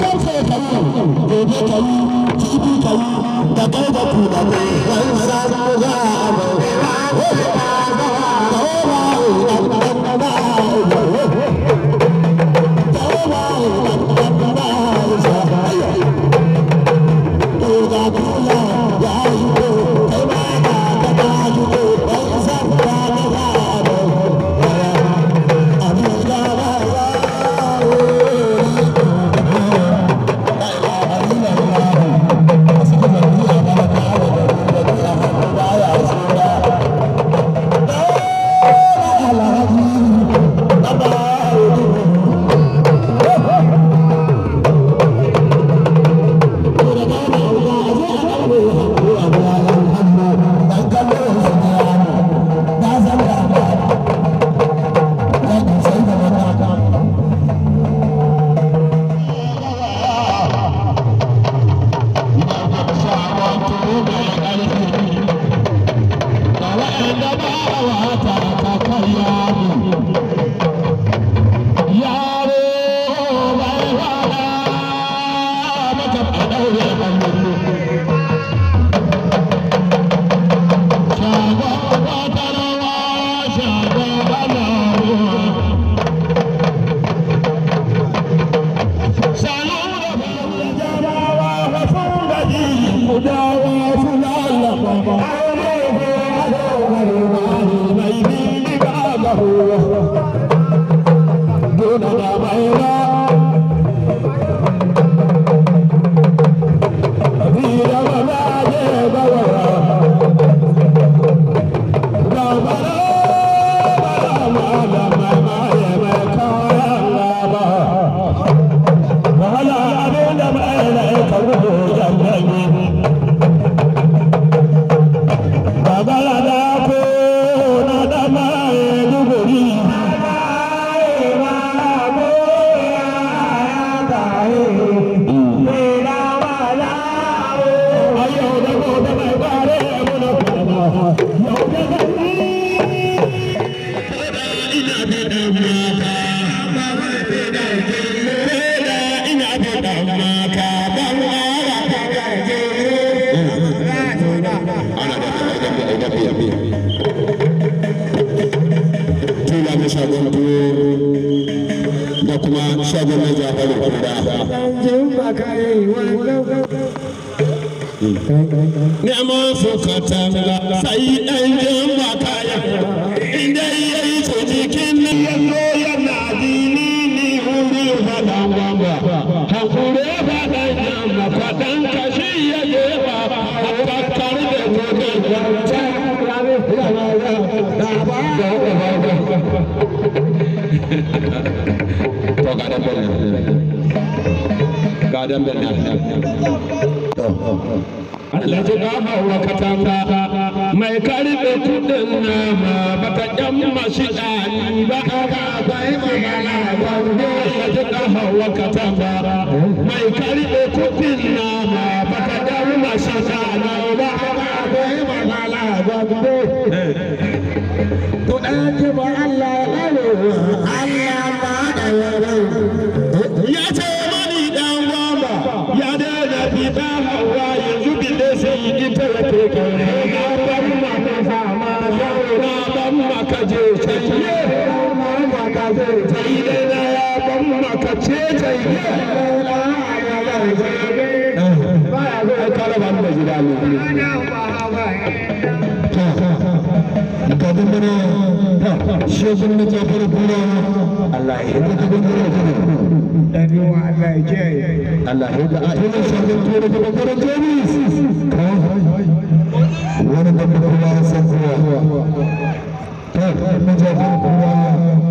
ɗan shekaru gobe ta yi neman fukatan ga sai ɗan jin ba kaya inda ya yi to jikin nan ya zo yana dini ni wuri faɗan gwamba hankure faɗan jamba faɗan kashi ya jefa a fakkar da gobe gwanta Kadan bɛ Alhaji na wa katanga mai karbe kudin nama bata ba yi magana ba Alhaji wa mai karbe kudin nama bata yan mashiɗani ba yi magana ba ba Allah شيخنا جابر بولا الله يهديك بالروح دنيو الله جاي الله يهديك أهل شهر الجنة بكر الجنيس وانا دم الله سبحانه جابر بولا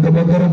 daga bangaren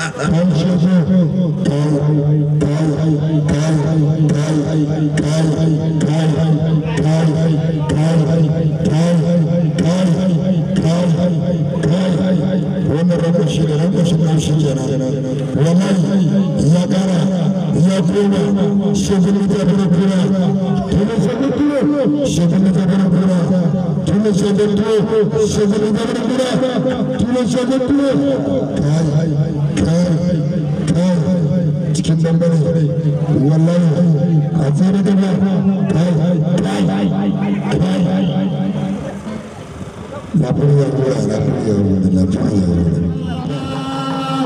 Tu me sens de toi, tu me sens de toi, tu me sens de toi, tu me sens de toi, tu me sens de toi, tu me sens de toi, tu me La pluie de la pluie de la pluie de la pluie de la pluie de la pluie de la pluie de la pluie de la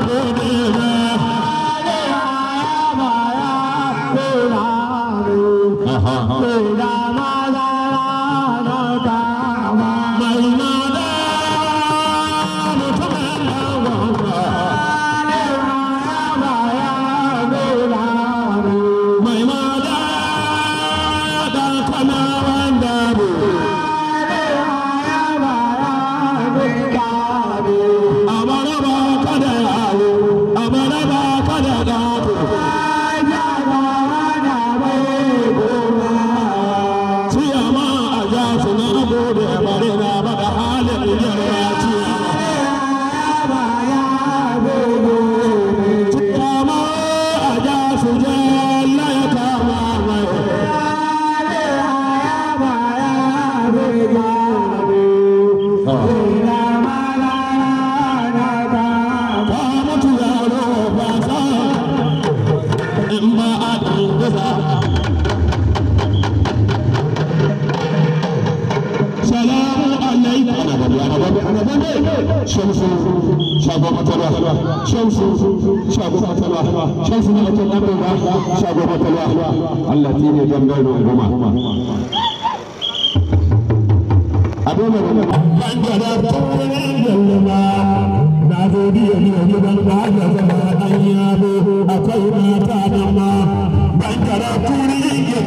pluie de la شمس شباب ترى شمس shago fatalwa shan su ne ake ɗan shago Allah ne na gidan akwai mata da ban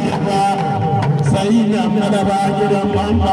ba sai na ba gidan ban ba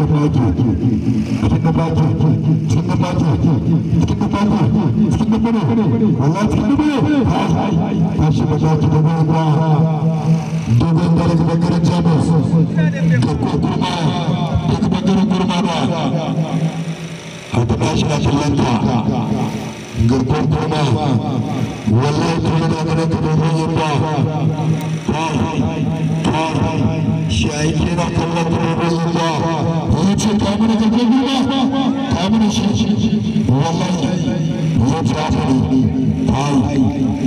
والله تعالى şehitlerin akıllarına bozuldu. Onun için tahmin edecek mi? Tahmin için. Vallahi bu tarafını pay,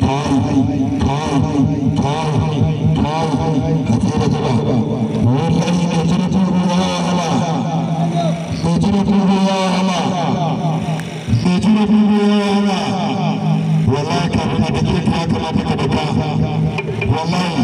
pay, pay, pay, pay, katıl etme. Vallahi katıl etme ama. Katıl etme ama. Katıl etme ama. Vallahi kapıda bir tek hakkı kapıda. Vallahi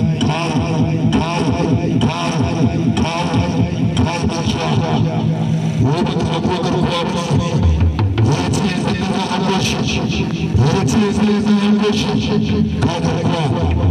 Thank you.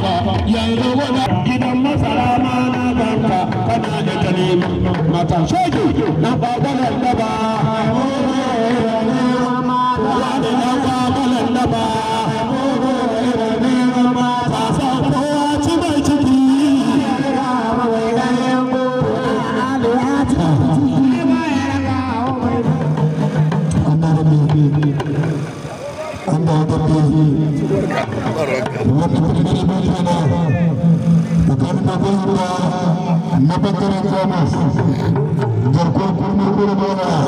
yanzu gidan masara ma na banka kana da ta nema mata shoji na babalar da Thank you. tabbatar jamus garkon kurmi gurbana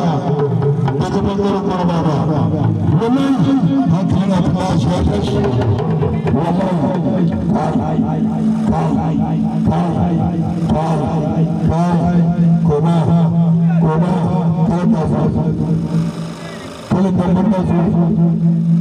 daga bangaren gurbana domin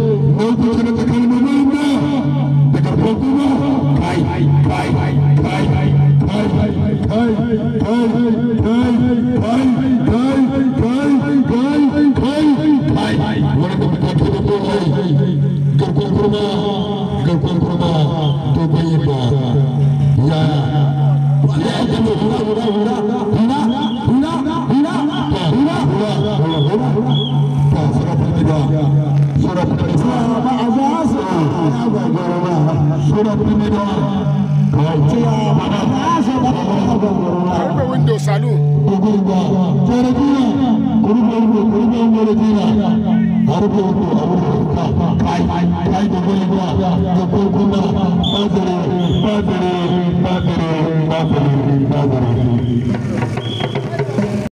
Hurrah, hurrah, hurrah, hurrah, hurrah. Selamat Abbas Selamat Abbas Thank you.